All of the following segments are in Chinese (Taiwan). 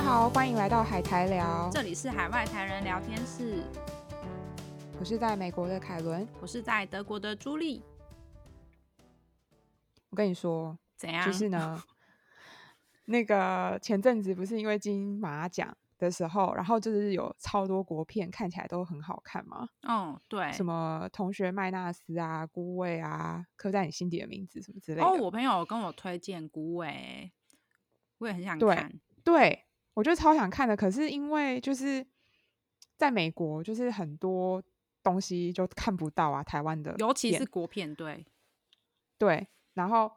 大家好，歡迎來到海苔聊，這裡是海外台人聊天室。我是在美國的凱倫，我是在德國的朱莉。我跟你說，怎樣？就是呢， 那個前陣子不是因為金馬獎的時候，然後就是有超多國片看起來都很好看嘛。哦，對。什麼同學麥娜絲啊，孤味啊，刻在你心底的名字什麼之類的。哦，我朋友跟我推薦孤味，欸，我也很想看。對。對我就超想看的，可是因為就是在美國，就是很多東西就看不到啊。台灣的，尤其是國片，對對。然後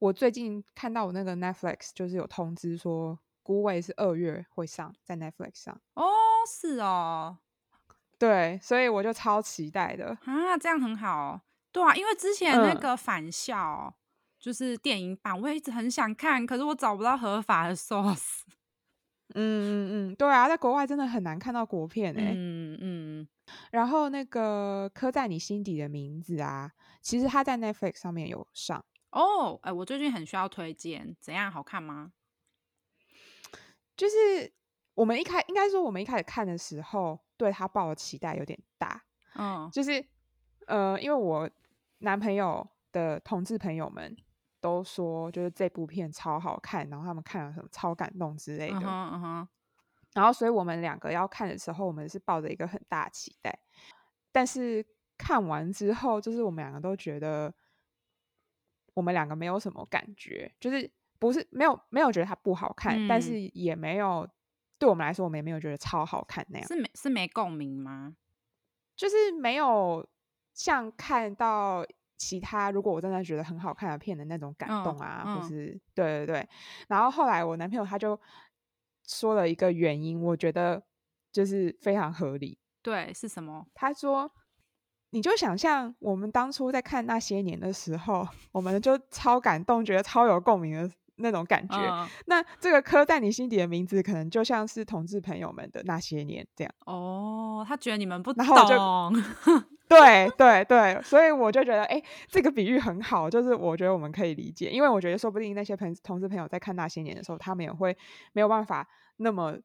我最近看到我那個 Netflix 就是有通知說，《孤味》是二月會上在 Netflix 上。哦，是哦，對，所以我就超期待的啊！這樣很好、哦，對啊，因為之前那個《返校》嗯、就是電影版，我也一直很想看，可是我找不到合法的 source。嗯嗯嗯，對啊，在國外真的很難看到國片哎、欸嗯。嗯嗯，然後那個刻在你心底的名字啊，其實他在 Netflix 上面有上哦。哎、oh，我最近很需要推薦，怎樣，好看嗎？就是我們一開，應該說我們一開始看的時候，對他抱的期待有點大。嗯，oh. 就是呃，因為我男朋友的同志朋友們。都說就是這部片超好看，然後他們看了什麼超感動之類的。Uh huh, uh huh. 然後，所以我們兩個要看的時候，我們是抱着一個很大期待。但是看完之後，就是我們兩個都覺得，我們兩個沒有什麼感覺，就是不是沒有沒有覺得它不好看，嗯、但是也沒有對我們來說，我們也沒有覺得超好看那樣。是沒是沒共鳴嗎？就是沒有像看到。其他如果我真的覺得很好看的片的那種感動啊，嗯、或是對對對，然後後來我男朋友他就說了一個原因，我覺得就是非常合理。對，是什麼？他說，你就想像我們當初在看那些年的時候，我們就超感動，覺得超有共鳴的。那種感覺，uh, 那這個刻在你心底的名字，可能就像是同志朋友們的那些年這樣。哦，oh, 他覺得你們不懂。對對對，對對 所以我就覺得，哎、欸，這個比喻很好，就是我覺得我們可以理解，因為我覺得說不定那些朋同志朋友在看那些年的時候，他們也會沒有辦法那麼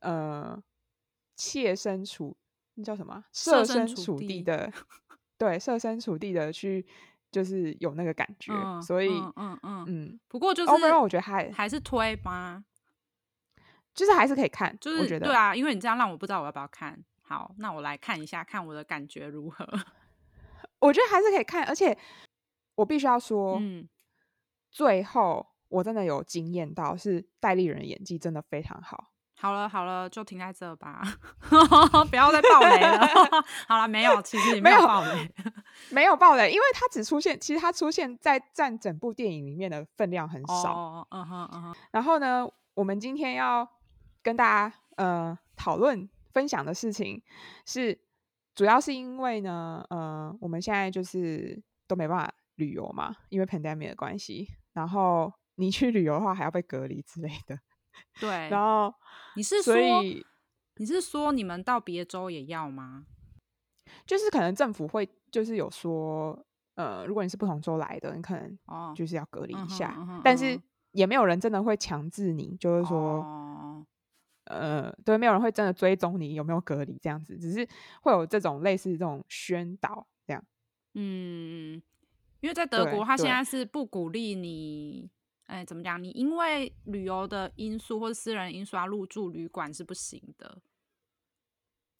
呃切身處，那叫什麼？設身處地的，設身處地對，設身處地的去。就是有那個感覺，嗯、所以嗯嗯嗯，嗯，不過就是我覺得還還是推吧，就是還是可以看，就是我覺得。對啊，因為你這樣讓我不知道我要不要看。好，那我來看一下，看我的感覺如何，我覺得還是可以看，而且我必須要說，嗯，最後我真的有驚艷到，是戴立忍的演技真的非常好。好了好了，就停在這吧， 不要再爆雷了。 好了，沒有，其實也沒有爆雷，沒有爆雷，因為它只出現，其實它出現在佔整部電影裡面的分量很少。嗯哼嗯哼。Huh, uh huh. 然後呢，我們今天要跟大家呃討論分享的事情是，是主要是因為呢，呃，我們現在就是都沒辦法旅遊嘛，因為 pandemic 的關係。然後你去旅遊的話，還要被隔離之類的。對，然後你是說，所以你是說你們到別州也要嗎？就是可能政府會就是有說，呃，如果你是不同州來的，你可能哦就是要隔離一下，但是也沒有人真的會強制你，就是說，oh. 呃，對，沒有人會真的追蹤你有沒有隔離這樣子，只是會有這種類似這種宣導這樣。嗯，因為在德國，他現在是不鼓勵你。哎，怎麼講？你因為旅遊的因素或者私人因素入住旅館是不行的，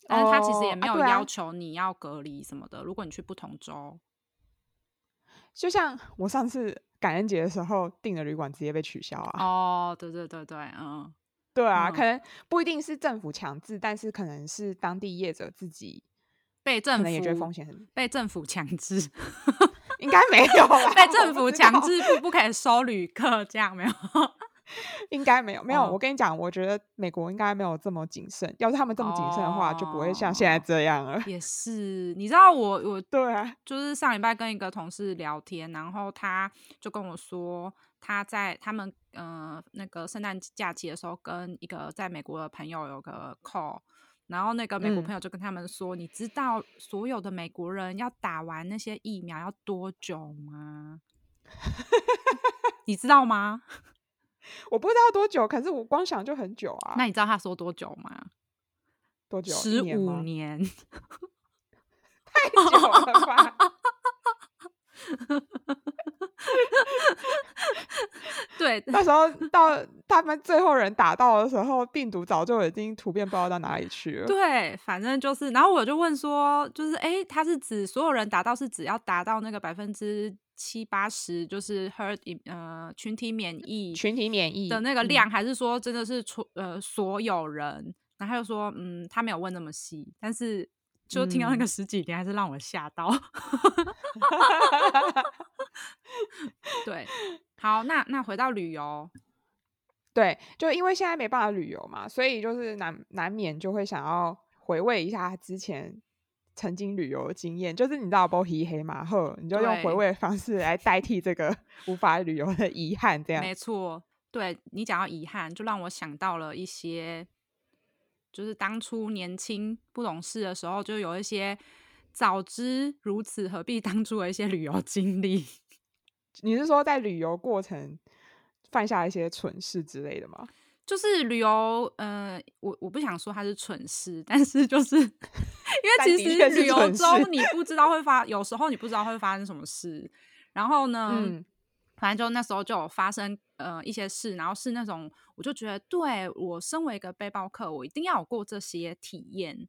但是他其實也沒有要求你要隔離什麼的。哦啊啊、如果你去不同州，就像我上次感恩節的時候訂的旅館直接被取消啊！哦，對對對對，嗯，對啊，嗯、可能不一定是政府強制，但是可能是當地業者自己被政府也覺得風險很，被政，被政府強制。 應該沒有被政府強制不不肯收旅客， 這樣沒有 應該沒有，沒有。我跟你講，我覺得美國應該沒有這麼謹慎。要是他們這麼謹慎的話，哦、就不會像現在這樣了。也是，你知道我我對啊，就是上禮拜跟一個同事聊天，然後他就跟我說，他在他們嗯、呃、那個聖誕假期的時候，跟一個在美國的朋友有個 call。然後那個美國朋友就跟他們說：“嗯，你知道所有的美國人要打完那些疫苗要多久嗎？ 你知道嗎？我不知道多久，可是我光想就很久啊。那你知道他說多久嗎？多久？十五年？年嗎？ 太久了吧。” 哈， 對，那時候到他們最後人打到的時候，病毒早就已經突變，不知道到哪裡去了。對，反正就是，然後我就問說，就是，哎、欸，他是指所有人打到是指要達到那個百分之七八十，就是 herd 呃群體免疫，群體免疫的那個量，嗯、還是說真的是出呃所有人？然後他就說，嗯，他沒有問那麼細，但是。就聽到那個十幾天，還是讓我嚇到。嗯。 對，好，那那回到旅遊，對，就因為現在沒辦法旅遊嘛，所以就是難難免就會想要回味一下之前曾經旅遊經驗，就是你知道波希黑嘛，後，你就用回味的方式來代替這個無法旅遊的遺憾，這樣沒錯。對，你講到遺憾，就讓我想到了一些。就是當初年輕不懂事的時候，就有一些早知如此何必當初的一些旅遊經歷。你是說在旅遊過程犯下一些蠢事之類的嗎？就是旅遊，呃，我我不想說它是蠢事，但是就是因為其實旅遊中你不知道會發，有時候你不知道會發生什麼事，然後呢，嗯。反正就那時候就有發生呃一些事，然後是那種我就覺得對，我身為一個背包客，我一定要有過這些體驗，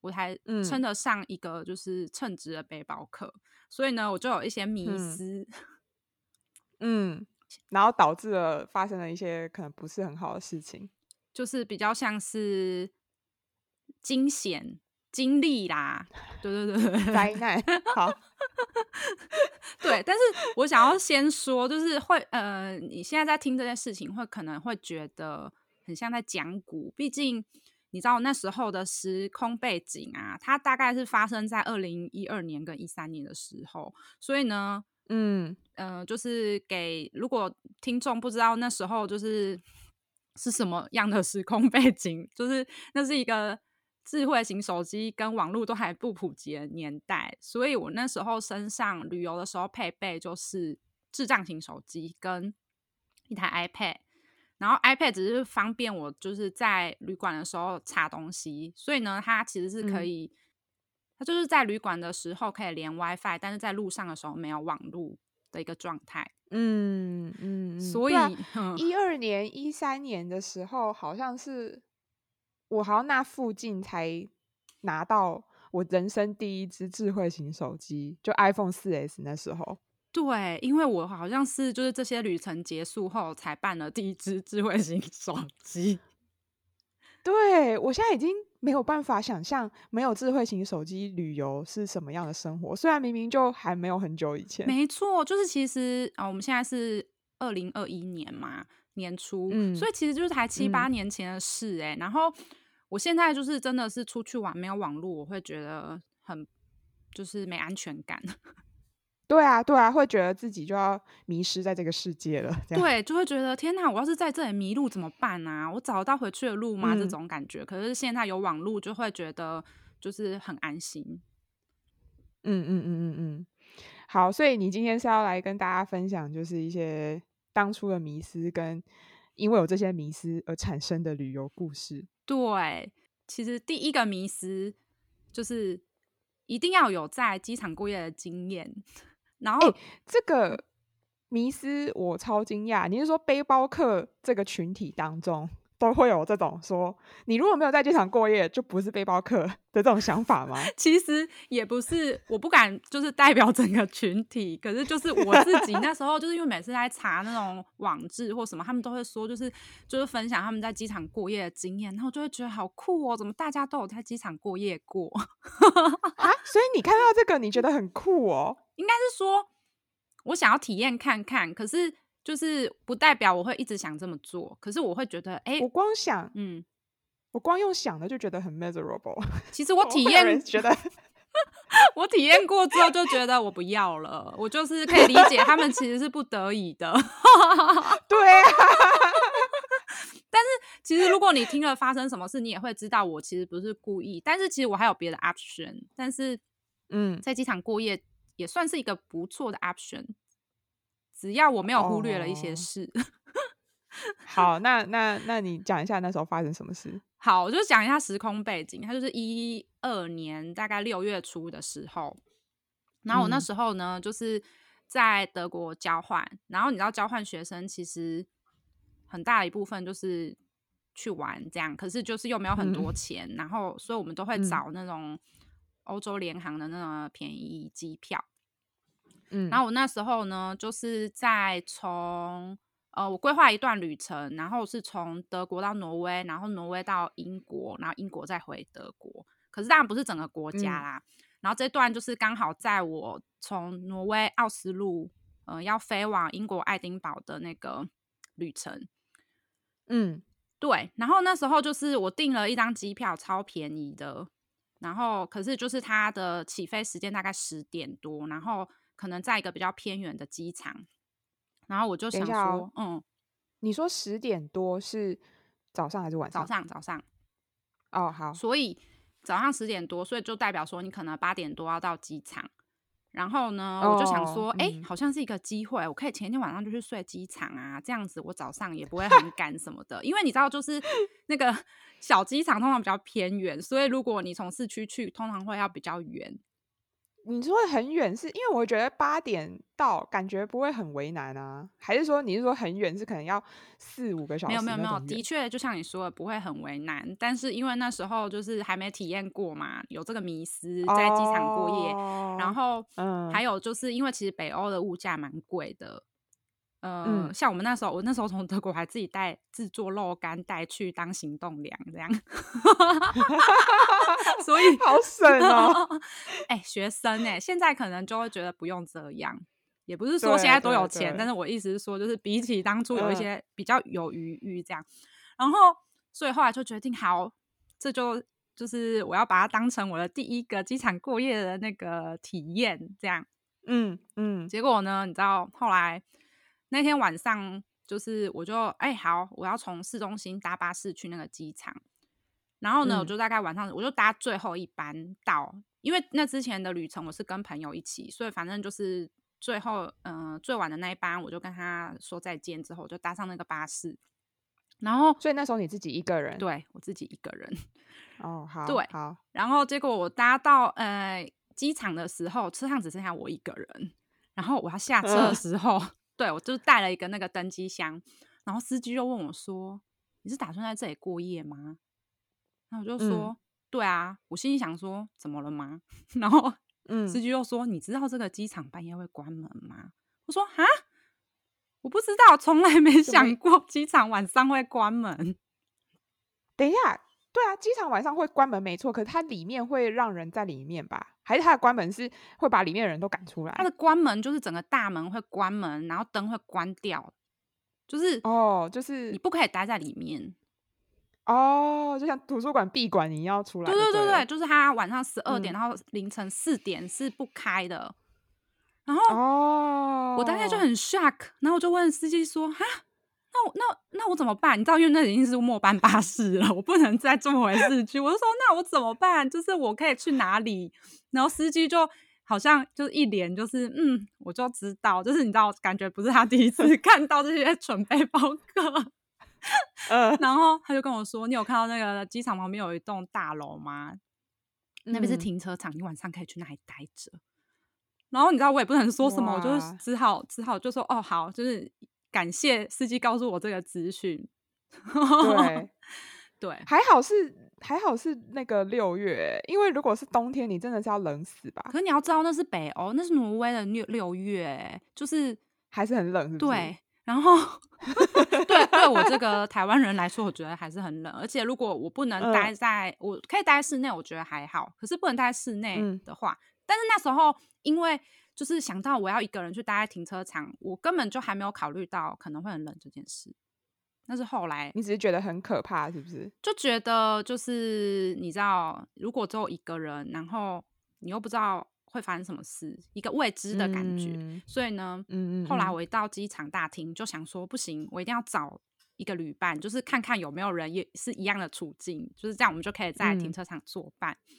我才稱得上一個就是稱職的背包客。嗯、所以呢，我就有一些迷思、嗯，嗯，然後導致了發生了一些可能不是很好的事情，就是比較像是驚險經歷啦，對對對，對， 災難。好， 對，好但是我想要先說，就是會，呃，你現在在聽這件事情，會可能會覺得很像在講古，畢竟你知道那時候的時空背景啊，它大概是發生在二零一二年跟一三年的時候，所以呢，嗯，呃，就是給如果聽眾不知道那時候就是是什麼樣的時空背景，就是那是一個。智慧型手機跟網絡都還不普及的年代，所以我那時候身上旅遊的時候配備就是智障型手機跟一臺 iPad，然後 iPad 只是方便我就是在旅館的時候查東西，所以呢，它其實是可以，嗯、它就是在旅館的時候可以連 WiFi，但是在路上的時候沒有網絡的一個狀態。嗯嗯，所以一二、對啊、 年、一三年的時候，好像是。我好像那附近才拿到我人生第一支智慧型手機，就 iPhone 四 S 那時候。對，因為我好像是就是這些旅程結束後才辦了第一支智慧型手機。 對，我現在已經沒有辦法想象沒有智慧型手機旅遊是什麼樣的生活。雖然明明就還沒有很久以前。沒錯，就是其實啊、哦，我們現在是二零二一年嘛，年初，嗯、所以其實就是才七八年前的事哎、欸，嗯、然後。我現在就是真的是出去玩沒有網絡，我會覺得很就是沒安全感。對啊，對啊，會覺得自己就要迷失在這個世界了。對，就會覺得天哪，我要是在這裡迷路怎麼辦啊？我找得到回去的路嗎？嗯、這種感覺。可是現在有網絡，就會覺得就是很安心。嗯嗯嗯嗯嗯，好。所以你今天是要來跟大家分享，就是一些當初的迷思，跟因為有這些迷思而產生的旅遊故事。對，其實第一個迷思就是一定要有在機場過夜的經驗。然後、欸、這個迷思我超驚訝，你是說背包客這個群體當中？都會有這種說，你如果沒有在機場過夜，就不是背包客的這種想法嗎？其實也不是，我不敢就是代表整個群體，可是就是我自己那時候就是因為每次在查那種網誌或什麼，他們都會說就是就是分享他們在機場過夜的經驗，然後就會覺得好酷哦，怎麼大家都有在機場過夜過？啊？所以你看到這個，你覺得很酷哦？應該是說，我想要體驗看看，可是。就是不代表我會一直想這麼做，可是我會覺得，哎、欸，我光想，嗯，我光用想的就覺得很 miserable。其實我體驗我覺得， 我體驗過之後就覺得我不要了，我就是可以理解他們其實是不得已的。 對啊， 但是其實如果你聽了發生什麼事，你也會知道我其實不是故意。但是其實我還有別的 option，但是嗯，在機場過夜也算是一個不錯的 option。只要我沒有忽略了一些事，oh. 好，那那那你講一下那時候發生什麼事？好，我就講一下時空背景。它就是一二年大概六月初的時候，然後我那時候呢、嗯、就是在德國交換，然後你知道交換學生其實很大一部分就是去玩這樣，可是就是又沒有很多錢，嗯、然後所以我們都會找那種歐洲聯航的那種便宜機票。嗯，然後我那時候呢，就是在從呃，我規劃一段旅程，然後是從德國到挪威，然後挪威到英國，然後英國再回德國。可是當然不是整個國家啦。嗯，然後這段就是剛好在我從挪威奧斯陸，呃，要飛往英國愛丁堡的那個旅程。嗯，對。然後那時候就是我訂了一張機票，超便宜的。然後可是就是它的起飛時間大概十點多，然後。可能在一個比較偏遠的機場，然後我就想說，哦、嗯，你說十點多是早上還是晚上？早上，早上。哦，oh, 好。所以早上十點多，所以就代表說你可能八點多要到機場。然後呢，我就想說，哎，好像是一個機會，我可以前天晚上就去睡機場啊，這樣子我早上也不會很趕什麼的。 因為你知道，就是那個小機場通常比較偏遠，所以如果你從市區去，通常會要比較遠。你說很遠，是因為我覺得八點到感覺不會很為難啊？還是說你是說很遠是可能要四五個小時？沒有沒有沒有，的確就像你說的不會很為難。但是因為那時候就是還沒體驗過嘛，有這個迷思在機場過夜，哦、然後還有就是因為其實北歐的物價蠻貴的。呃、嗯，像我們那時候，我那時候從德國還自己帶製作肉乾帶去當行動糧這樣， 所以好省哦、喔。哎、呃欸，學生呢、欸？現在可能就會覺得不用這樣，也不是說現在多有錢，對對對，但是我意思是說，就是比起當初有一些比較有餘裕這樣，嗯、然後所以後來就決定好，這就就是我要把它當成我的第一個機場過夜的那個體驗這樣。嗯嗯，結果呢，你知道後來。那天晚上就是我就哎、欸、好，我要從市中心搭巴士去那個機場。然後呢，嗯、我就大概晚上我就搭最後一班到，因為那之前的旅程我是跟朋友一起，所以反正就是最後嗯、呃、最晚的那一班，我就跟他說再見之後，我就搭上那個巴士。然後，所以那時候你自己一個人？對，我自己一個人。哦，好，對，好。然後結果我搭到呃機場的時候，車上只剩下我一個人。然後我要下車的時候。呃對，我就帶了一個那個登機箱，然後司機就問我說：“你是打算在這裡過夜嗎？”然後我就說：“嗯、對啊。”我心裡想說：“怎麼了嗎？”然後，嗯，司機又說：“嗯、你知道這個機場半夜會關門嗎？”我說：“蛤，我不知道，從來沒想過機場晚上會關門。”等一下，對啊，機場晚上會關門沒錯，可是它裡面會讓人在裡面吧？還是他的關門是會把裡面的人都趕出來？他的關門就是整個大門會關門，然後燈會關掉，就是哦，就是你不可以待在裡面。哦，就是、哦，就像圖書館閉館你要出來，對。對對對對，就是他晚上十二點，嗯、然後凌晨四點是不開的。然後哦，我當時就很 shock，然後我就問司機說：“哈？”那我那那我怎麼辦？你知道，因為那已經是末班巴士了，我不能再這麼回市區去。我就說，那我怎麼辦？就是我可以去哪裡？然後司機就好像就是一臉就是嗯，我就知道，就是你知道，我感覺不是他第一次看到這些蠢背包客。呃、 然後他就跟我說：“你有看到那個機場旁邊有一棟大樓嗎？嗯、那邊是停車場，你晚上可以去那裡待着。”然後你知道，我也不能說什麼，哇我就只好只好就說：“哦，好，就是。”感謝司機告訴我這個資訊。對， 對，還好是還好是那個六月，因為如果是冬天，你真的是要冷死吧？可你要知道那是北歐，那是挪威的六六月，就是還是很冷是不是？對，然後 對對，我這個台灣人來說，我覺得還是很冷。 而且如果我不能待在、嗯、我可以待在室內，我覺得還好。可是不能待在室內的話，嗯、但是那時候因為。就是想到我要一個人去待在停車場，我根本就還沒有考慮到可能會很冷這件事。但是後來，你只是覺得很可怕，是不是？就覺得就是你知道，如果只有一個人，然後你又不知道會發生什麼事，一個未知的感覺。嗯、所以呢，嗯，嗯，嗯，後來我一到機場大廳，就想說不行，我一定要找一個旅伴，就是看看有沒有人也是一樣的處境，就是這樣，我們就可以在停車場作伴。嗯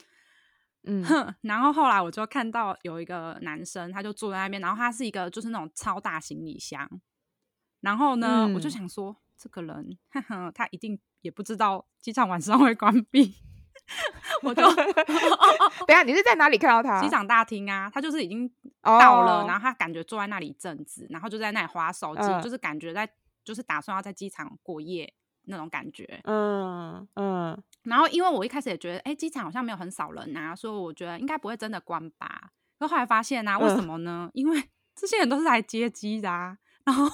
嗯，然後後來我就看到有一個男生，他就坐在那邊，然後他是一個就是那種超大行李箱。然後呢，嗯、我就想說，這個人呵呵，他一定也不知道機場晚上會關閉。 我就，等一下， 你是在哪裡看到他？機場大廳啊，他就是已經到了，然後他感覺坐在那裡一陣子，然後就在那裡滑手機，嗯、就是感覺在，就是打算要在機場過夜那種感覺。嗯嗯。嗯然後，因為我一開始也覺得，哎，機場好像沒有很少人啊，所以我覺得應該不會真的關吧。然後後來發現啊，為什麼呢？呃、因為這些人都是來接機的，啊。然後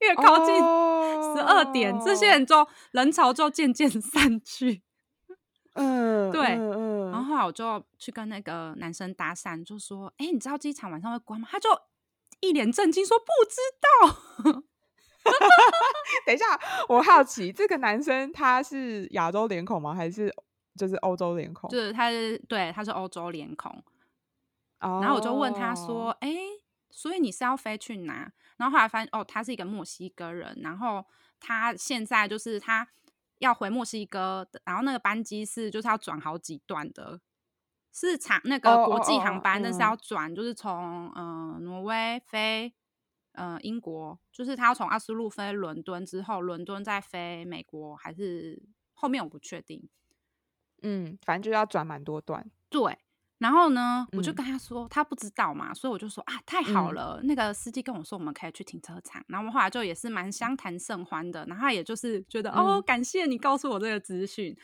越靠近十二點，哦、這些人就人潮就漸漸散去。嗯、呃，對。呃、然後，後來我就去跟那個男生搭訕，就說：“哎，你知道機場晚上會關嗎？”他就一臉震驚說：“不知道。 ” 等一下，我好奇這個男生他是亞洲臉孔嗎？還是就是歐洲臉孔？就是他是，對，他是歐洲臉孔。Oh. 然後我就問他說：“哎，所以你是要飛去哪？”然後後來發現，哦，他是一個墨西哥人。然後他現在就是他要回墨西哥，然後那個班機是就是要轉好幾段的，是長那個國際航班，但是要轉，oh. Oh. Oh. Oh. Oh. 就是從嗯、呃、挪威飛。嗯、呃，英國就是他要從奧斯陸飛倫敦之後，倫敦再飛美國，還是後面我不確定。嗯，反正就要轉蠻多段。對，然後呢，嗯、我就跟他說他不知道嘛，所以我就說啊，太好了，嗯、那個司機跟我說我們可以去停車場。然後我們後來就也是蠻相談甚歡的，然後也就是覺得、嗯、哦，感謝你告訴我這個資訊。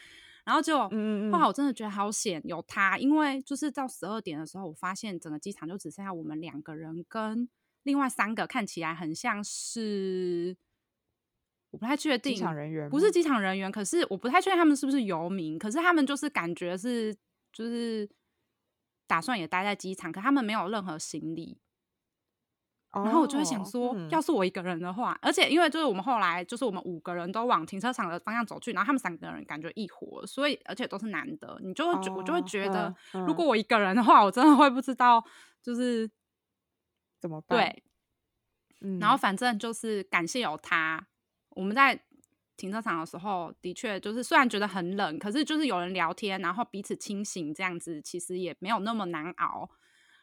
然後就，嗯嗯嗯，後來我真的覺得好險有他，因為就是到十二點的時候，我發現整個機場就只剩下我們兩個人跟。另外三個看起來很像是，我不太確定機場人員嗎不是機場人員，可是我不太確定他們是不是游民。可是他們就是感覺是，就是打算也待在機場，可他們沒有任何行李。哦、然後我就會想說，嗯、要是我一個人的話，而且因為就是我們後來就是我們五個人都往停車場的方向走去，然後他們三個人感覺一夥，所以而且都是男的，你就會、哦、我就會覺得，嗯嗯、如果我一個人的話，我真的會不知道就是。怎麼辦？對，嗯，然後反正就是感謝有他。我們在停車場的時候，的確就是雖然覺得很冷，可是就是有人聊天，然後彼此清醒，這樣子其實也沒有那麼難熬。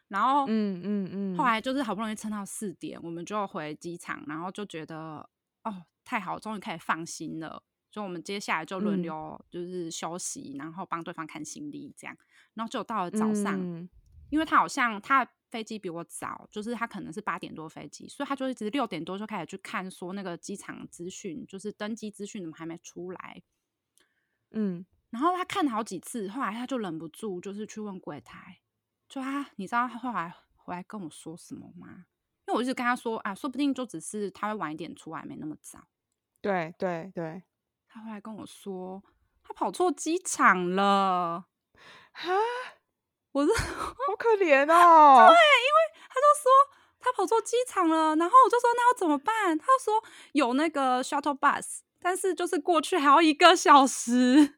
然後，嗯嗯嗯，嗯嗯後來就是好不容易撐到四點，我們就回機場，然後就覺得哦，太好，終於可以放心了。所以我們接下來就輪流就是休息，嗯、然後幫對方看行李這樣，然後就到了早上，嗯、因為他好像他。飛機比我早，就是他可能是八點多飛機，所以他就一直六點多就開始去看，說那個機場資訊，就是登機資訊怎麼還沒出來？嗯，然後他看了好幾次，後來他就忍不住，就是去問櫃檯，就他、啊、你知道他後來回來跟我說什麼嗎？因為我一直跟他說啊，說不定就只是他會晚一點出來，沒那麼早。對對對，對對，他回來跟我說他跑錯機場了，啊。我說好可憐哦。 對，因為他就說他跑錯機場了，然後我就說那要怎麼辦？他說有那個 shuttle bus，但是就是過去還要一個小時，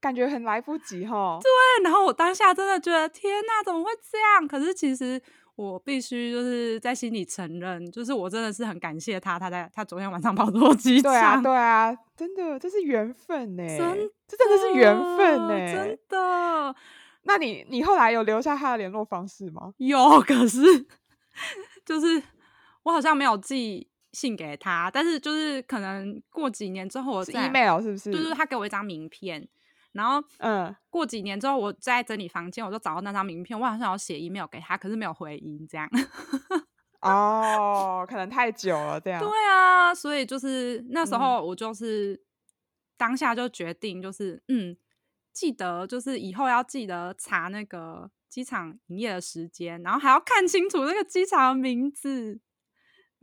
感覺很來不及哈。對，然後我當下真的覺得天哪，怎麼會這樣？可是其實我必須就是在心裡承認，就是我真的是很感謝他，他在他昨天晚上跑錯機場，對啊，對啊，真的這是緣分呢，真，這真的是緣分呢，真的。那你你後來有留下他的聯絡方式嗎？有，可是就是我好像沒有寄信給他，但是就是可能過幾年之後我，我 email 是不是？就是他給我一張名片，然後嗯，過幾年之後我在整理房間，我就找到那張名片，我好像有寫 email 給他，可是沒有回音，這樣哦， oh, 可能太久了，這樣、啊、對啊，所以就是那時候我就是、嗯、當下就決定，就是嗯。記得就是以後要記得查那個機場營業的時間，然後還要看清楚那個機場的名字。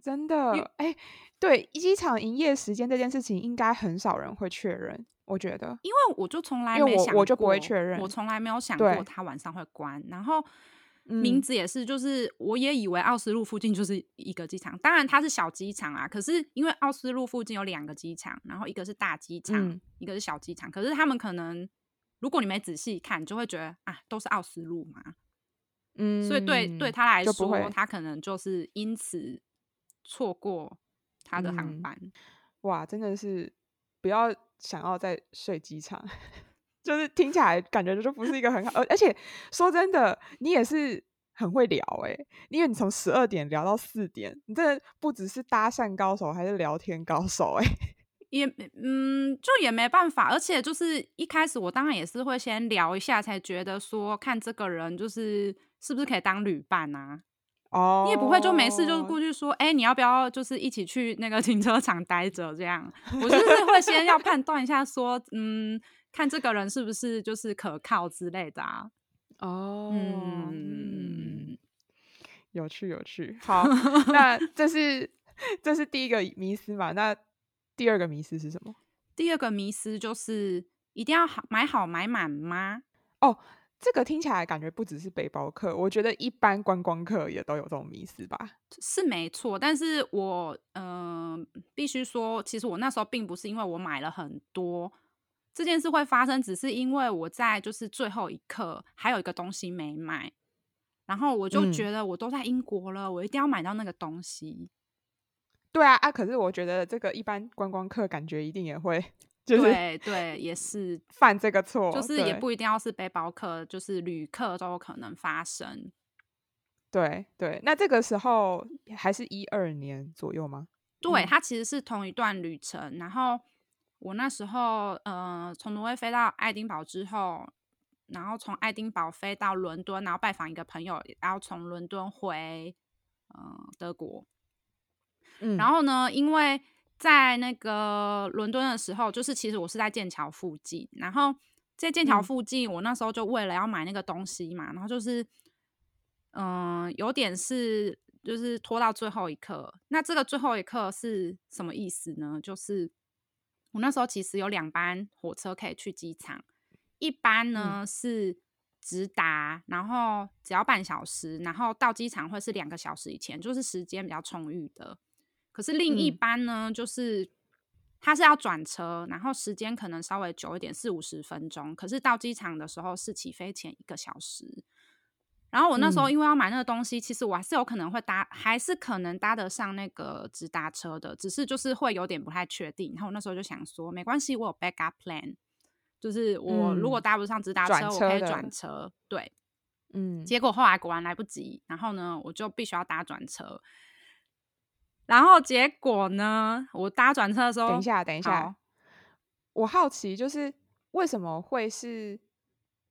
真的，哎、欸，對，機場營業時間這件事情，應該很少人會確認，我覺得。因為我就從來沒想過我，我就不會確認，我從來沒有想過它晚上會關。對然後、嗯、名字也是，就是我也以為奧斯陸附近就是一個機場，當然它是小機場啊。可是因為奧斯陸附近有兩個機場，然後一個是大機場，嗯、一個是小機場，可是他們可能。如果你沒仔細看，就會覺得啊，都是奧斯陸嘛，嗯，所以對對他來說，他可能就是因此錯過他的航班。嗯、哇，真的是不要想要再睡機場， 就是聽起來感覺就不是一個很好。而 而且說真的，你也是很會聊，哎、欸，因為你從十二點聊到四點，你真的不只是搭訕高手，還是聊天高手哎、欸。也嗯，就也沒辦法，而且就是一開始我當然也是會先聊一下，才覺得說看這個人就是是不是可以當旅伴啊。哦，oh. 你也不會就沒事就過去說，哎、欸，你要不要就是一起去那個停車場待着這樣？我就是會先要判斷一下說，說 嗯，看這個人是不是就是可靠之類的啊。哦，oh. 嗯，有趣有趣，好， 那這是這是第一個迷思嘛？那。第二個迷思是什麼？第二個迷思就是一定要買好買滿嗎？哦，這個聽起來感覺不只是背包客，我覺得一般觀光客也都有這種迷思吧？是沒錯，但是我嗯、呃，必須說，其實我那時候並不是因為我買了很多這件事會發生，只是因為我在就是最後一刻還有一個東西沒買，然後我就覺得我都在英國了，嗯、我一定要買到那個東西。對啊，啊！可是我覺得這個一般觀光客感覺一定也會，就是對，對，也是犯這個錯，就是也不一定要是背包客，對就是旅客都可能發生。對對，那這個時候還是一二年左右嗎？對，嗯、它其實是同一段旅程。然後我那時候，嗯、呃，從挪威飛到愛丁堡之後，然後從愛丁堡飛到倫敦，然後拜訪一個朋友，然後從倫敦回，嗯、呃，德國。然後呢？嗯、因為在那個倫敦的時候，就是其實我是在劍橋附近。然後在劍橋附近，嗯、我那時候就為了要買那個東西嘛，然後就是，嗯、呃，有點是就是拖到最後一刻。那這個最後一刻是什麼意思呢？就是我那時候其實有兩班火車可以去機場，一班呢、嗯、是直達，然後只要半小時，然後到機場會是兩個小時以前，就是時間比較充裕的。可是另一班呢，嗯、就是他是要轉車，然後時間可能稍微久一點，四五十分鐘。可是到機場的時候是起飛前一個小時。然後我那時候因為要買那個東西，嗯、其實我還是有可能會搭，還是可能搭得上那個直達車的，只是就是會有點不太確定。然後我那時候就想說，沒關係，我有 backup plan，就是我如果搭不上直達車，嗯、轉車的，我可以轉車。對，嗯。結果後來果然來不及，然後呢，我就必須要搭轉車。然後結果呢？我搭轉車的時候，等一下，等一下。好，我好奇，就是為什麼會是，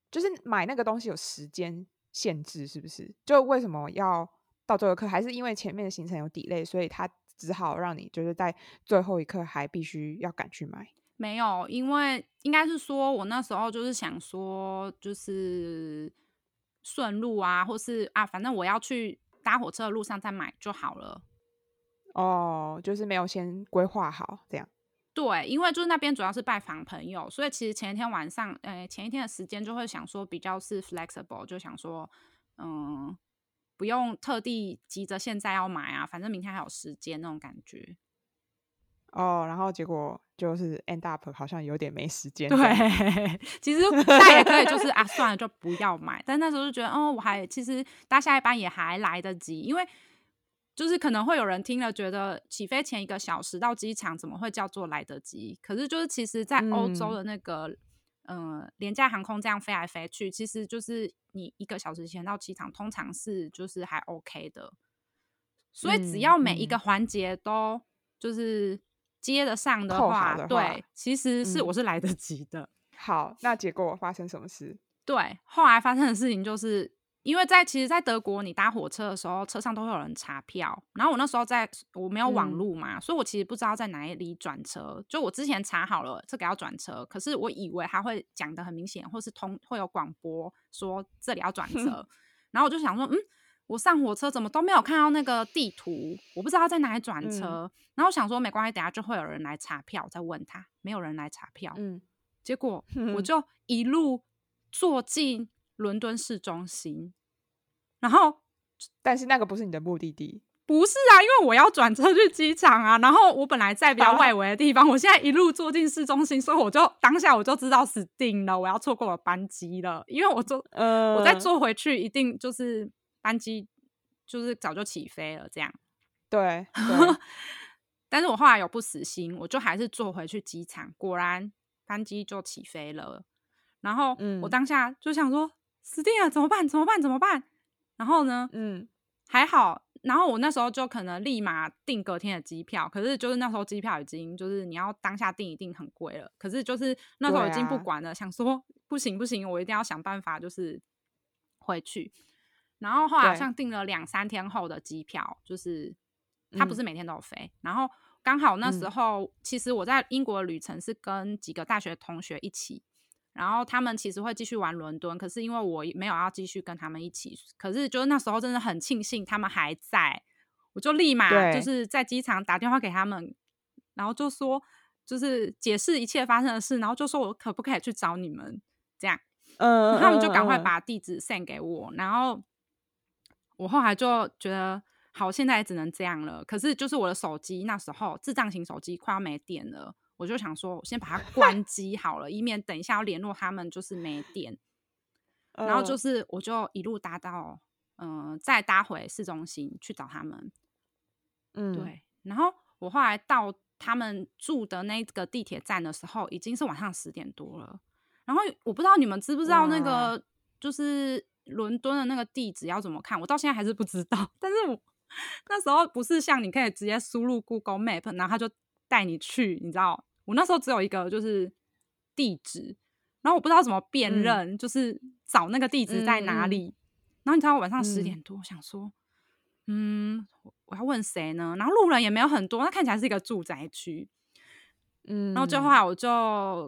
就是買那個東西有時間限制，是不是？就為什麼要到這個一刻？還是因為前面的行程有抵 y 所以他只好讓你就是在最後一刻還必須要趕去買？沒有，因為應該是說我那時候就是想說，就是順路啊，或是啊，反正我要去搭火車的路上再買就好了。哦，oh, 就是沒有先規劃好這樣。對，因為就是那邊主要是拜訪朋友，所以其實前一天晚上，呃，前一天的時間就會想說比較是 flexible，就想說，嗯，不用特地急着現在要買啊，反正明天還有時間那種感覺。哦，oh, 然後結果就是 end up 好像有點沒時間。對，其實那也可以，就是 啊，算了，就不要買。但那時候就覺得，哦，我還其實搭下一班也還來得及，因為。就是可能會有人聽了覺得起飛前一個小時到機場怎麼會叫做來得及？可是就是其實在歐洲的那個嗯呃、廉價航空，這樣飛來飛去，其實就是你一個小時前到機場，通常是就是還 OK 的。所以只要每一個環節都就是接得上的話，嗯嗯、對，其實是我是來得及的。嗯、好，那結果發生什麼事？對，後來發生的事情就是，因為在其實，在德國，你搭火車的時候，車上都會有人查票。然後我那時候在我沒有網路嘛，嗯、所以我其實不知道在哪裡轉車。就我之前查好了，這個要轉車，可是我以為他會講得很明顯，或是通會有廣播說這裡要轉車。哼然後我就想說，嗯，我上火車怎麼都沒有看到那個地圖，我不知道在哪裡轉車。嗯、然後我想說沒關係，等下就會有人來查票，我再問他。沒有人來查票，嗯，結果哼哼我就一路坐進。倫敦市中心，然後，但是那個不是你的目的地，不是啊，因為我要轉車去機場啊。然後我本來在比較外圍的地方，啊、我現在一路坐進市中心，所以我就當下我就知道死定了，我要錯過了班機了，因為我坐呃，我再坐回去一定就是班機就是早就起飛了，這樣對。對 但是我後來有不死心，我就還是坐回去機場，果然班機就起飛了。然後、嗯、我當下就想說。死定了！怎麼辦？怎麼辦？怎麼辦？然後呢？嗯，還好。然後我那時候就可能立馬訂隔天的機票。可是就是那時候機票已經就是你要當下訂一定很貴了。可是就是那時候已經不管了，啊、想說不行不行，我一定要想辦法就是回去。然後後來好像訂了兩三天後的機票，對就是它不是每天都有飛。嗯、然後剛好那時候、嗯、其實我在英國的旅程是跟幾個大學同學一起。然後他們其實會繼續玩倫敦，可是因為我沒有要繼續跟他們一起，可是就是那時候真的很慶幸他們還在，我就立馬就是在機場打電話給他們，對然後就說就是解釋一切發生的事，然後就說我可不可以去找你們這樣，呃，uh, 他們就趕快把地址 send 給我，uh, uh, uh. 然後我後來就覺得好，現在也只能這樣了。可是就是我的手機那時候智障型手機快要沒電了。我就想說，我先把它關機好了，以免等一下要聯絡他們就是沒電。然後就是我就一路搭到，嗯，再搭回市中心去找他們。嗯，對。然後我後來到他們住的那個地鐵站的時候，已經是晚上十點多了。然後我不知道你們知不知道那個就是倫敦的那個地址要怎麼看，我到現在還是不知道。但是我那時候不是像你可以直接輸入 Google Map，然後他就帶你去，你知道？我那時候只有一個就是地址，然後我不知道怎麼辨認，嗯、就是找那個地址在哪裡。嗯、然後你知道我晚上十點多，想說，嗯，嗯，我要問誰呢？然後路人也沒有很多，那看起來是一個住宅區。嗯，然後最後我就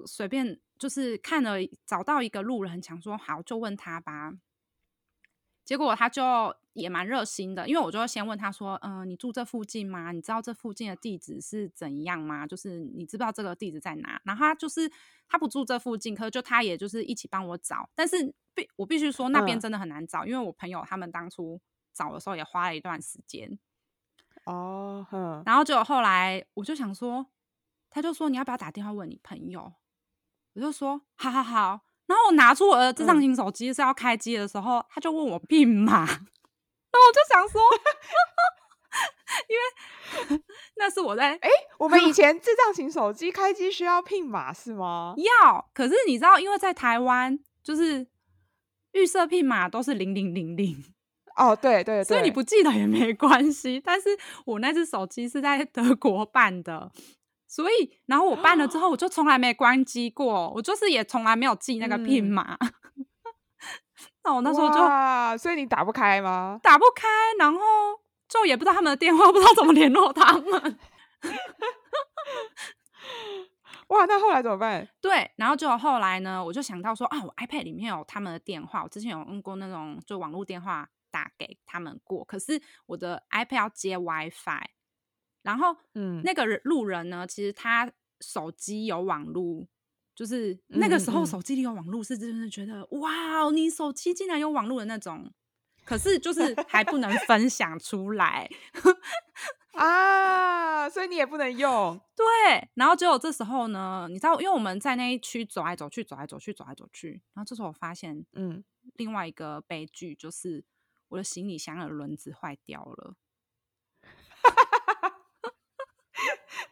隨便就是看了，找到一個路人，想說好，就問他吧。結果他就也蠻熱心的，因為我就先問他說：“嗯、呃，你住這附近嗎？你知道這附近的地址是怎樣嗎？就是你知不知道這個地址在哪？”然後他就是他不住這附近，可就他也就是一起幫我找。但是必我必須說，那邊真的很難找，嗯、因為我朋友他們當初找的時候也花了一段時間。哦呵，然後就後來我就想說，他就說你要不要打電話問你朋友？我就說好好好。然後我拿出我的智障型手機是要開機的時候，嗯、他就問我 PIN 碼，然後那我就想說， 因為 那是我在哎，我們以前智障型手機開機需要 PIN 碼是嗎？要，可是你知道，因為在台灣就是預設 PIN 碼都是零零零零哦，對對，對，所以你不記得也沒關係。但是我那只手機是在德國辦的。所以，然後我辦了之後，我就從來沒有關機過，哦、我就是也從來沒有記那個 PIN 碼。那、嗯、 我那時候就，哇，所以你打不開嗎？打不開，然後就也不知道他們的電話，不知道怎麼聯絡他們。 哇，那後來怎麼辦？對，然後就後來呢，我就想到說啊，我 iPad 裡面有他們的電話，我之前有用過那種就網絡電話打給他們過，可是我的 iPad 要接 WiFi。Fi, 然後，嗯，那個人路人呢？其實他手機有網絡，就是那個時候手機裡有網絡，是真的覺得嗯嗯嗯哇，你手機竟然有網絡的那種。 可是就是還不能分享出來 啊，所以你也不能用。對，然後結果這時候呢，你知道，因為我們在那一區走來走去，走來走去，走來走去。然後這時候我發現，嗯，另外一個悲劇就是我的行李箱的輪子壞掉了。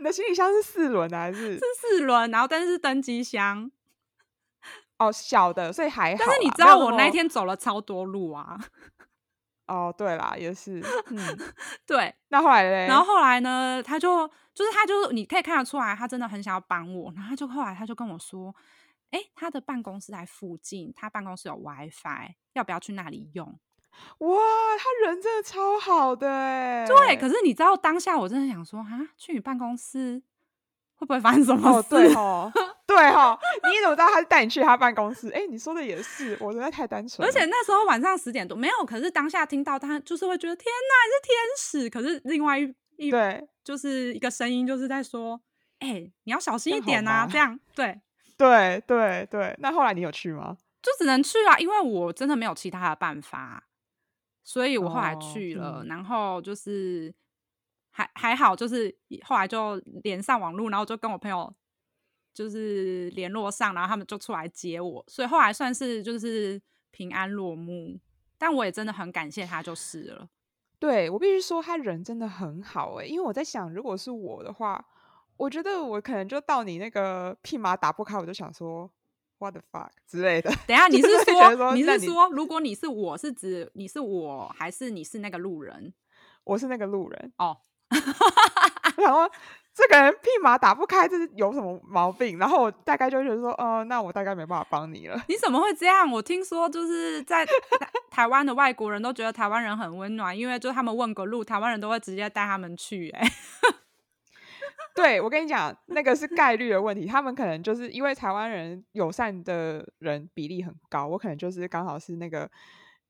你的行李箱是四輪的還是？是四輪，然後但是是登機箱，哦，小的，所以還好啊。但是你知道我那天走了超多路啊！哦，對啦，也是，嗯，對。那後來嘞？然後後來呢？他就就是他就是你可以看得出來，他真的很想要幫我。然後他就後來他就跟我說：“誒，他的辦公室在附近，他辦公室有 WiFi，要不要去那裡用？”哇，他人真的超好的，欸、對，可是你知道當下我真的想說啊，去你辦公室會不會發生什麼事？哦，對哈，對 你怎麼知道他帶你去他辦公室？誒、欸，你說的也是，我真的太單純。而且那時候晚上十點多沒有，可是當下聽到他就是會覺得天哪，你是天使。可是另外一對一對，就是一個聲音就是在說，誒、欸，你要小心一點吶，啊，這樣，這樣。對對對對，那後來你有去嗎？就只能去啦，啊，因為我真的沒有其他的辦法。所以，我後來去了，哦、然後就是還、嗯、還好，就是後來就連上網絡，然後就跟我朋友就是聯絡上，然後他們就出來接我，所以後來算是就是平安落幕。但我也真的很感謝他，就是了。對，我必須說，他人真的很好誒、欸，因為我在想，如果是我的話，我覺得我可能就到你那個密碼打不開，我就想說。What the fuck 之類的？等下，你是說， 是說你是說，你如果你是我是指你是我，還是你是那個路人？我是那個路人哦。然後、oh. 這個人密碼打不開，就是有什麼毛病？然後我大概就會覺得說，哦、呃，那我大概沒辦法幫你了。你怎麼會這樣？我聽說就是在台灣的外國人都覺得臺灣人很溫暖，因為就他們問個路，臺灣人都會直接帶他們去、欸。哎。 對，我跟你講，那個是概率的問題，他們可能就是因為台灣人友善的人比例很高，我可能就是剛好是那個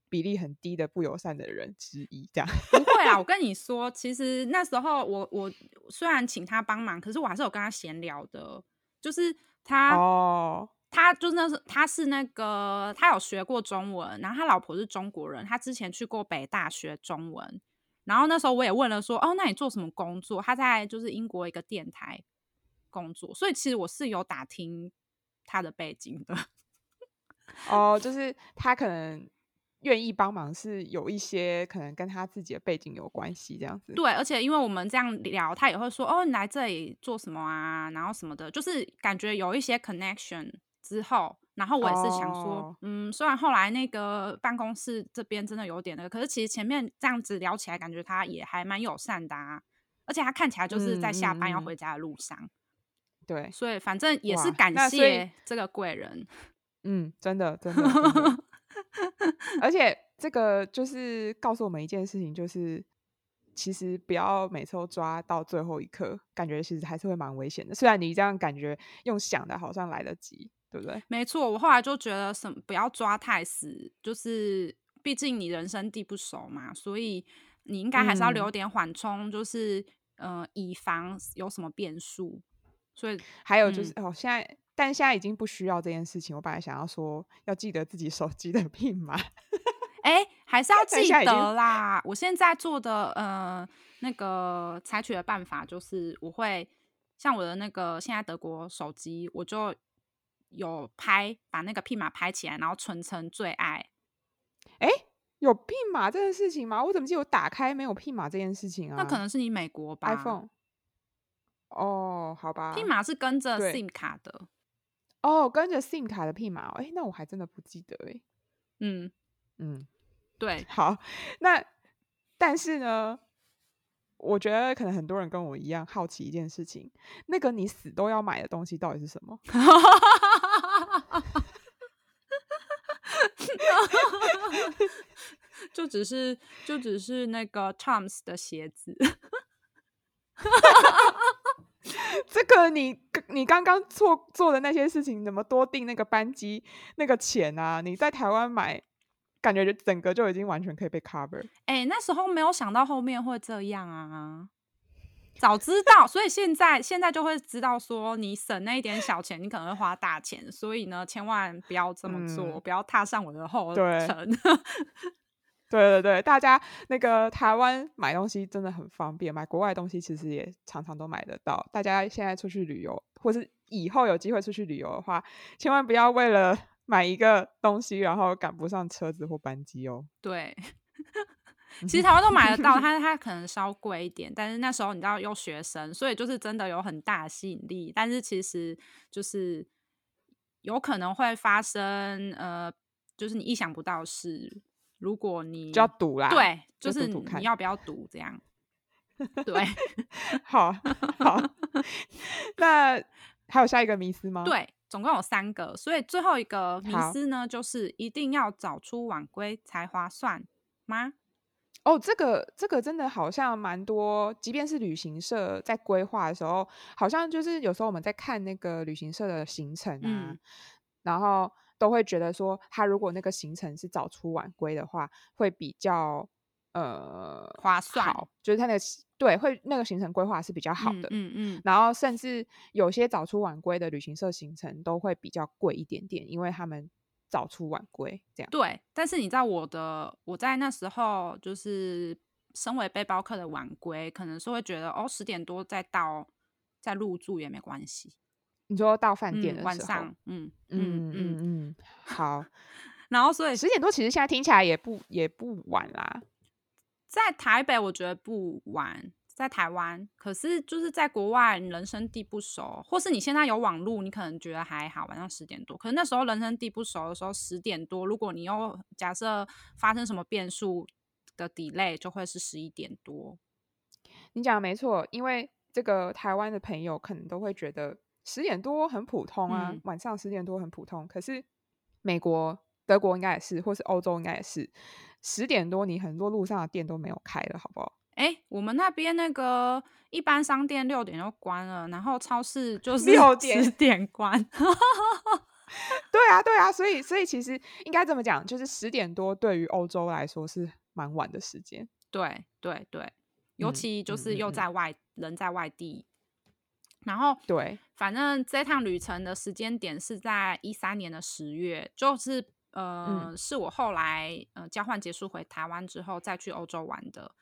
比例很低的不友善的人之一，這樣。不會啊，我跟你說，其實那時候我我雖然請他幫忙，可是我還是有跟他閒聊的，就是他哦，他就是那時他是那個他有學過中文，然後他老婆是中國人，他之前去過北大學中文。然後那時候我也問了說，說哦，那你做什麼工作？他在就是英國一個電台工作，所以其實我是有打聽他的背景的。哦，就是他可能願意幫忙，是有一些可能跟他自己的背景有關係，這樣子。對，而且因為我們這樣聊，他也會說哦，你來這裡做什麼啊？然後什麼的，就是感覺有一些 connection 之後。然後我也是想說，oh. 嗯，雖然後來那個辦公室這邊真的有點那個，可是其實前面這樣子聊起來，感覺他也還蠻友善的，啊，而且他看起來就是在下班要回家的路上，對，嗯，所以反正也是感謝這個貴人，嗯，真的真的，真的 而且這個就是告訴我們一件事情，就是其實不要每次都抓到最後一刻，感覺其實還是會蠻危險的。雖然你這樣感覺用想的好像來得及。對不對？沒錯，我後來就覺得什麼不要抓太死，就是畢竟你人生地不熟嘛，所以你應該還是要留點緩衝，嗯、就是嗯、呃，以防有什麼變數。所以還有就是、嗯、哦，現在但現在已經不需要這件事情。我本來想要說要記得自己手機的密碼，哎， 還是要記得啦。我現在做的呃那個採取的辦法就是，我會像我的那個現在德國手機，我就。有拍把那個 PIN 碼拍起來，然後存成最愛。哎，有 PIN 碼這件事情嗎？我怎麼記得我打開沒有 PIN 碼這件事情啊？那可能是你美國吧。iPhone。哦、oh，好吧。PIN 碼是跟着 SIM 卡的。哦，oh, 跟着 SIM 卡的 PIN 碼。哎，那我還真的不記得哎、欸。嗯嗯，嗯對。好，那但是呢，我覺得可能很多人跟我一樣好奇一件事情，那個你死都要買的東西到底是什麼？ No 就只是就只是那個 Tom's 的鞋子 ， 這個你你剛剛做做的那些事情，怎麼多訂那個班機那個錢啊？你在台灣買，感覺就整個就已經完全可以被 cover。哎、欸，那時候沒有想到後面會這樣啊。早知道，所以現在 現在就會知道說，你省那一點小錢，你可能會花大錢。所以呢，千萬不要這麼做，嗯、不要踏上我的後塵。對， 對對對，大家那個台灣買東西真的很方便，買國外東西其實也常常都買得到。大家現在出去旅遊，或是以後有機會出去旅遊的話，千萬不要為了買一個東西，然後趕不上車子或班機哦。對。 其實台灣都買得到， 它它可能稍貴一點，但是那時候你知道又學生，所以就是真的有很大的吸引力。但是其實就是有可能會發生，呃，就是你意想不到的事，如果你就要賭啦，對，就，就是你要不要賭這樣？對， 好，好，那還有下一個迷思嗎？對，總共有三個，所以最後一個迷思呢，好就是一定要早出晚歸才划算嗎？哦，這個這個真的好像蠻多，即便是旅行社在規劃的時候，好像就是有時候我們在看那個旅行社的行程啊，嗯、然後都會覺得說，他如果那個行程是早出晚歸的話，會比較呃划算，就是他那個對，會那個行程規劃是比較好的，嗯嗯，嗯嗯，然後甚至有些早出晚歸的旅行社行程都會比較貴一點點，因為他們。早出晚歸，這樣對，但是你知道我的我在那時候就是身為背包客的晚歸，可能是會覺得哦，十點多再到再入住也沒關係。你說到飯店的時候、嗯、晚上，嗯嗯嗯嗯，好。 然後所以十點多其實現在聽起來也不也不晚啦，在台北我覺得不晚。在台灣，可是就是在國外，你人生地不熟，或是你現在有網路，你可能覺得還好，晚上十點多。可是那時候人生地不熟的時候，十點多，如果你又假設發生什麼變數的 delay，就會是十一點多。你講的沒錯，因為這個台灣的朋友可能都會覺得十點多很普通啊，嗯，晚上十點多很普通。可是美國、德國應該也是，或是歐洲應該也是，十點多你很多路上的店都沒有開了，好不好？哎，我們那邊那個一般商店六點就關了，然後超市就是六點關。對啊，對啊，所以所以其實應該怎麼講，就是十點多對於歐洲來說是蠻晚的時間。對對對，尤其就是又在外、嗯、人在外地，嗯嗯嗯、然後對，反正這趟旅程的時間點是在一三年的十月，就是呃，嗯、是我後來呃交換結束回台灣之後再去歐洲玩的。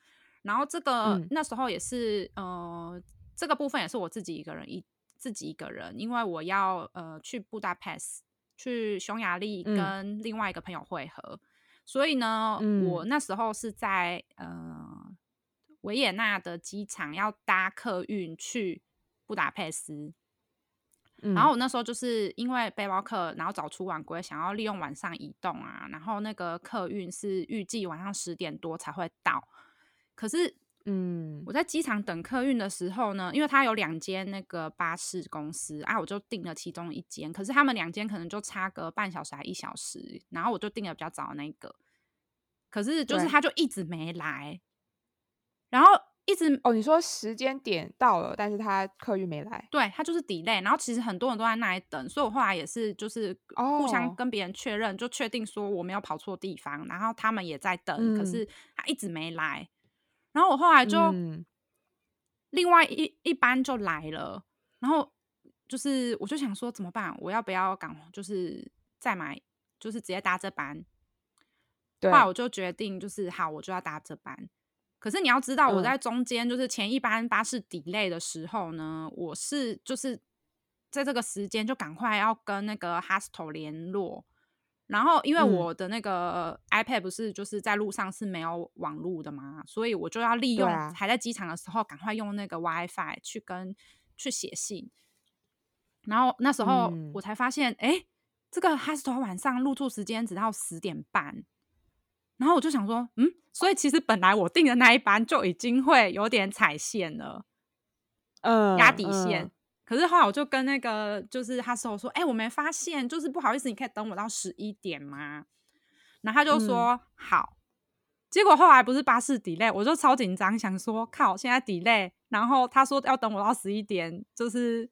然後這個、嗯、那時候也是呃，這個部分也是我自己一個人一自己一個人，因為我要呃去布達佩斯，去匈牙利跟另外一個朋友會合，嗯、所以呢，嗯、我那時候是在呃維也納的機場要搭客運去布達佩斯，嗯、然後我那時候就是因為背包客，然後早出晚歸，想要利用晚上移動啊，然後那個客運是預計晚上十點多才會到。可是，嗯，我在機場等客運的時候呢，因為他有兩間那個巴士公司啊，我就訂了其中一間。可是他們兩間可能就差個半小時還一小時，然後我就訂了比較早的那一個。可是就是他就一直沒來，對然後一直哦，你說時間點到了，但是他客運沒來，對，他就是 delay。然後其實很多人都在那裡等，所以我後來也是就是互相跟別人確認，哦、就確定說我沒有跑錯地方，然後他們也在等，嗯、可是他一直沒來。然後我後來就另外一、嗯、一班就來了，然後就是我就想說怎麼辦？我要不要趕？就是再買？就是直接搭這班？對後來我就決定就是好，我就要搭這班。可是你要知道，我在中間就是前一班巴士 delay 的時候呢，嗯、我是就是在這個時間就趕快要跟那個 hostel 聯絡。然後，因為我的那個 iPad 不是就是在路上是沒有網絡的嘛，嗯、所以我就要利用還在機場的時候，趕快用那個 Wi-Fi 去跟去寫信。然後那時候我才發現，哎、嗯，這個 hostel 晚上入住時間只到十點半，然後我就想說，嗯，所以其實本來我訂的那一班就已經會有點踩線了，呃，壓底線。呃可是後來我就跟那個就是他說，我說，哎、欸，我沒發現，就是不好意思，你可以等我到十一點嗎？然後他就說、嗯、好。結果後來不是巴士 delay，我就超緊張，想說靠，現在 delay。然後他說要等我到十一點，就是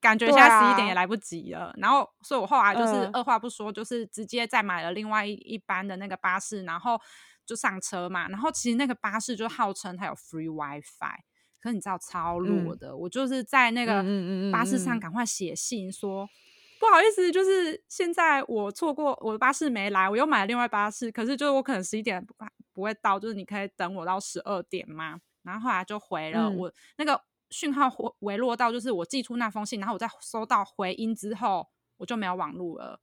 感覺現在十一點也來不及了。啊、然後所以我後來就是、呃、二話不說，就是直接再買了另外一班的那個巴士，然後就上車嘛。然後其實那個巴士就號稱它有 free wifi。可是你知道超弱的，嗯、我就是在那個巴士上趕快寫信說、嗯嗯嗯嗯、不好意思，就是現在我錯過，我的巴士沒來，我又買了另外巴士。可是就是我可能十一點不不會到，就是你可以等我到十二點嗎？然後後來就回了、嗯、我那個訊號回回落到就是我寄出那封信，然後我再收到回音之後我就沒有網路了，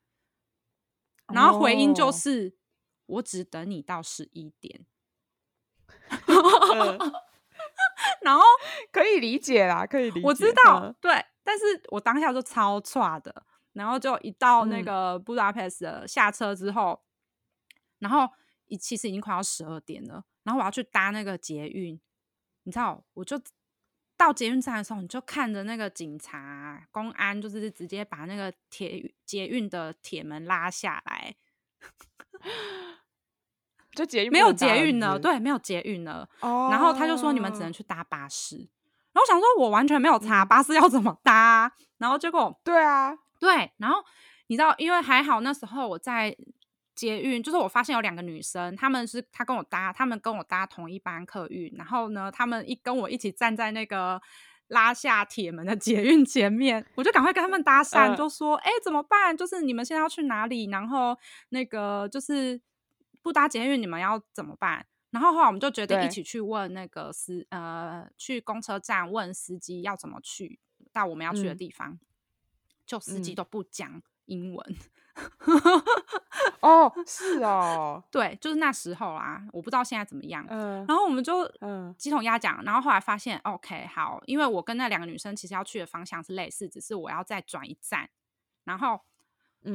然後回音就是、哦、我只等你到十一點。 然後可以理解啦，可以理解，我知道。對，但是我當下就超差的，然後就一到那個布達佩斯的下車之後，嗯、然後其實已經快要十二點了，然後我要去搭那個捷運，你知道，我就到捷運站的時候，你就看着那個警察、公安，就是直接把那個鐵捷運的鐵門拉下來。 就捷運沒有捷運呢，嗯、對，沒有捷運呢。哦、然後他就說你們只能去搭巴士。然後我想說，我完全沒有查巴士要怎麼搭。然後結果對啊，對。然後你知道，因為還好那時候我在捷運，就是我發現有兩個女生，她們是她跟我搭，他們跟我搭同一班客運。然後呢，他們一跟我一起站在那個拉下鐵門的捷運前面，我就趕快跟他們搭訕，呃、就說：“哎、欸，怎麼辦？就是你們現在要去哪裡？然後那個就是。”不搭捷運，你們要怎麼辦？然後後來我們就決定一起去問那個司呃，去公車站問司機要怎麼去到我們要去的地方，嗯、就司機都不講英文。 哦，是哦，對，就是那時候啊，我不知道現在怎麼樣。呃、然後我們就雞同鴨講，然後後來發現、嗯、，OK，好，因為我跟那兩個女生其實要去的方向是類似，只是我要再轉一站，然後。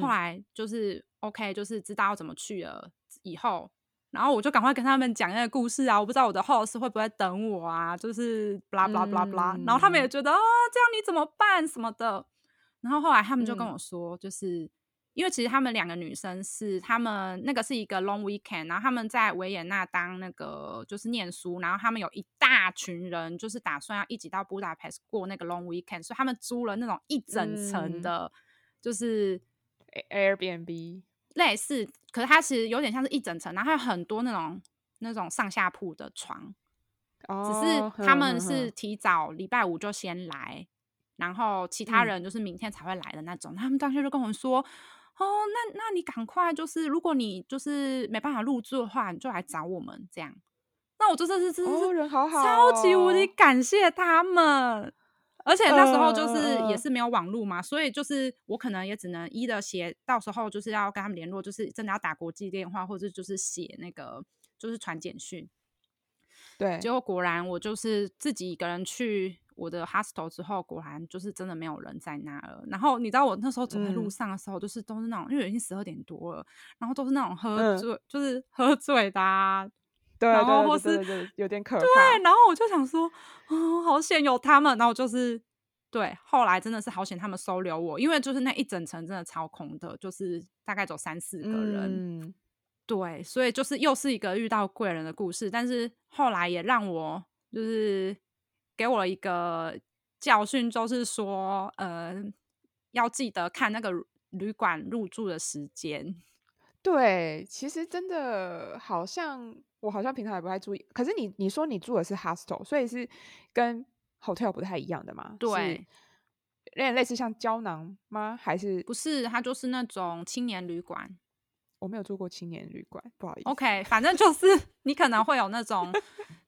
後來就是、嗯、OK，就是知道要怎麼去了以後，然後我就趕快跟他們講那個故事啊！我不知道我的 host 會不會等我啊，就是 blah blah blah blah blah、嗯。然後他們也覺得哦，這樣你怎麼辦什麼的。然後後來他們就跟我說，就是、嗯、因為其實他們兩個女生是他們那個是一個 long weekend，然後他們在維也納當那個就是念書，然後他們有一大群人就是打算要一起到布達佩斯過那個 long weekend，所以他們租了那種一整層的，就是。嗯 Airbnb 類似，可是它其實有點像是一整層，然後它有很多那種那種上下鋪的床。Oh, 只是他們是提早禮拜五就先來，okay, 然後其他人就是明天才會來的那種。嗯、他們當時就跟我們說：“哦，那那你趕快就是，如果你就是沒辦法入住的話，你就來找我們這樣。”那我真的是真、oh, 是人好好、哦，超級無敵感謝他們。而且那時候就是也是沒有網路嘛，呃、所以就是我可能也只能一的寫，到時候就是要跟他們聯絡，就是真的要打國際電話或者就是寫那個就是傳簡訊。對，結果果然我就是自己一個人去我的 hostel 之後，果然就是真的沒有人在那兒。然後你知道我那時候走在路上的時候，嗯、就是都是那種因為已經十二點多了，然後都是那種喝醉，嗯、就是喝醉的、啊。對，對，對，對，對，然後對對對對有點可怕。對，然後我就想說，嗯、哦，好險有他們。然後就是，對，後來真的是好險，他們收留我，因為就是那一整層真的超空的，就是大概走三四個人。嗯、對，所以就是又是一個遇到貴人的故事。但是後來也讓我就是給我一個教訓，就是說，呃，要記得看那個旅館入住的時間。對，其實真的好像。我好像平常也不太注意，可是你你說你住的是 hostel，所以是跟 hotel 不太一樣的嗎？對，類類似像膠囊嗎？還是不是？它就是那種青年旅館。我沒有住過青年旅館，不好意思。OK，反正就是 你可能會有那種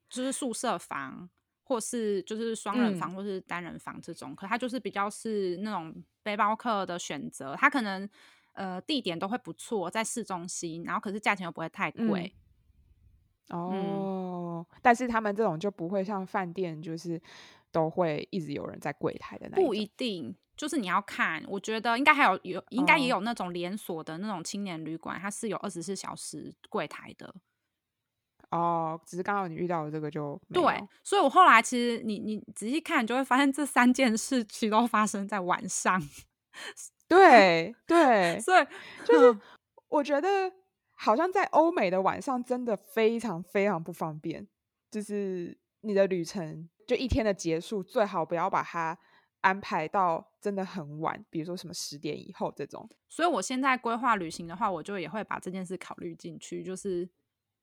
就是宿舍房， 或是就是雙人房、嗯、或是單人房這種，可它就是比較是那種背包客的選擇。它可能呃地點都會不錯，在市中心，然後可是價錢又不會太貴。嗯哦，嗯、但是他們這種就不會像飯店，就是都會一直有人在櫃檯的那。不一定，就是你要看，我覺得應該還有有，應該也有那種連鎖的那種青年旅館，嗯、它是有二十四小時櫃檯的。哦，只是剛好你遇到的這個就沒有。對，所以，我後來其實你你仔細看，你就會發現這三件事情都發生在晚上。對 對，對所以就是我覺得。好像在歐美的晚上真的非常非常不方便，就是你的旅程就一天的結束，最好不要把它安排到真的很晚，比如說什麼十點以後這種。所以我現在規劃旅行的話，我就也會把這件事考慮進去，就是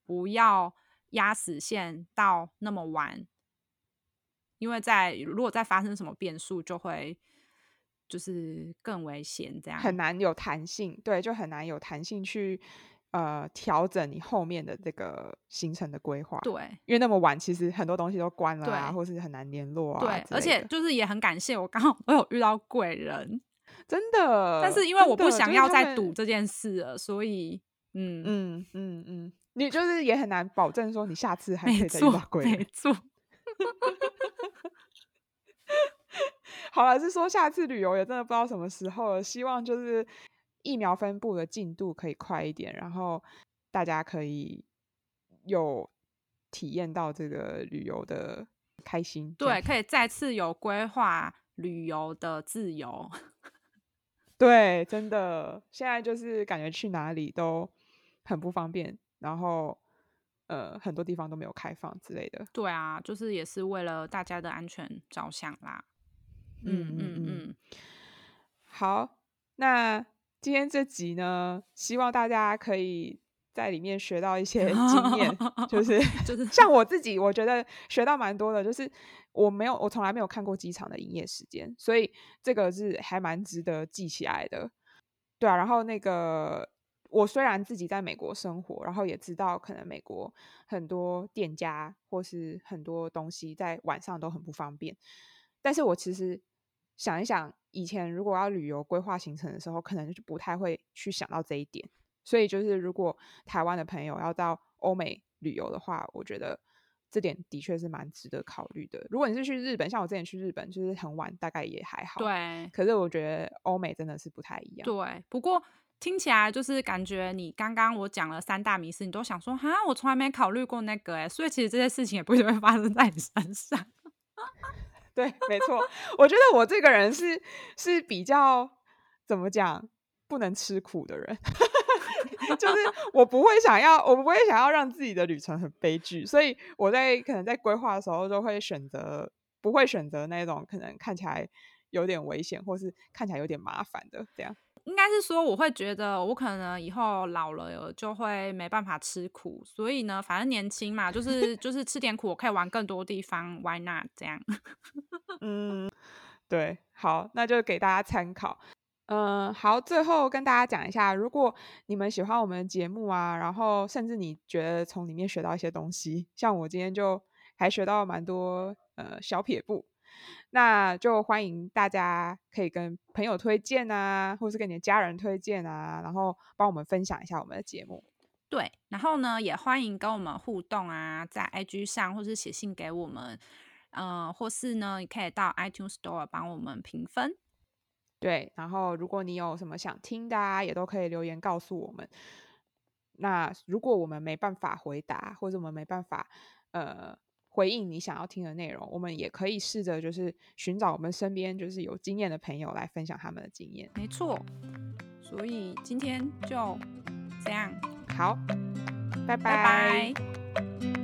不要壓死線到那麼晚，因為在如果再發生什麼變數，就會就是更危險，這樣很難有彈性，對，就很難有彈性去。呃，調整你後面的這個行程的規劃，對，因為那麼晚，其實很多東西都關了啊，對或是很難聯絡啊。對，而且就是也很感謝，我剛好我有遇到貴人，真的。但是因為我不想要再賭這件事了，就是、所以，嗯嗯嗯嗯，嗯嗯你就是也很難保證說你下次還可以再遇到貴人沒。沒錯。 好了，是說下次旅遊也真的不知道什麼時候了，希望就是。疫苗分布的進度可以快一點，然後大家可以有體驗到這個旅遊的開心。對，樣可以再次有規劃旅遊的自由。對，真的，現在就是感覺去哪裡都很不方便，然後呃，很多地方都沒有開放之類的。對啊，就是也是為了大家的安全着想啦。嗯嗯嗯，嗯嗯好，那。今天這集呢，希望大家可以在裡面學到一些經驗， 就是就是像我自己，我覺得學到蠻多的。就是我沒有，我從來沒有看過機場的營業時間，所以這個是還蠻值得記起來的。對啊，然後那個我雖然自己在美國生活，然後也知道可能美國很多店家或是很多東西在晚上都很不方便，但是我其實想一想。以前如果要旅遊規劃行程的時候，可能就不太會去想到這一點。所以就是，如果台灣的朋友要到歐美旅遊的話，我覺得這點的確是蠻值得考慮的。如果你是去日本，像我之前去日本，就是很晚，大概也還好。對。可是我覺得歐美真的是不太一樣。對。不過聽起來就是感覺你剛剛我講了三大迷思，你都想說哈，我從來沒考慮過那個哎、欸，所以其實這些事情也不一定會發生在你身上。 對，沒錯，我覺得我這個人是是比較怎麼講，不能吃苦的人， 就是我不會想要，我不會想要讓自己的旅程很悲劇，所以我在可能在規劃的時候，就會選擇，不會選擇那種可能看起來有點危險，或是看起來有點麻煩的這樣。應該是說，我會覺得我可能以後老了就會沒辦法吃苦，所以呢，反正年輕嘛，就是就是吃點苦，我可以玩更多地方 ，Why not 這樣？嗯，對，好，那就給大家參考。嗯、呃，好，最後跟大家講一下，如果你們喜歡我們的節目啊，然後甚至你覺得從裡面學到一些東西，像我今天就還學到蠻多呃小撇步。那就歡迎大家可以跟朋友推薦啊，或是跟你的家人推薦啊，然後幫我們分享一下我們的節目。對，然後呢，也歡迎跟我們互動啊，在 IG 上，或是寫信給我們，呃，或是呢，你可以到 iTunes Store 幫我們評分。對，然後如果你有什麼想聽的啊，也都可以留言告訴我們。那如果我們沒辦法回答，或者我們沒辦法，呃。回應你想要聽的內容，我們也可以試着就是尋找我們身邊就是有經驗的朋友來分享他們的經驗。沒錯，所以今天就這樣，好，拜拜。拜拜。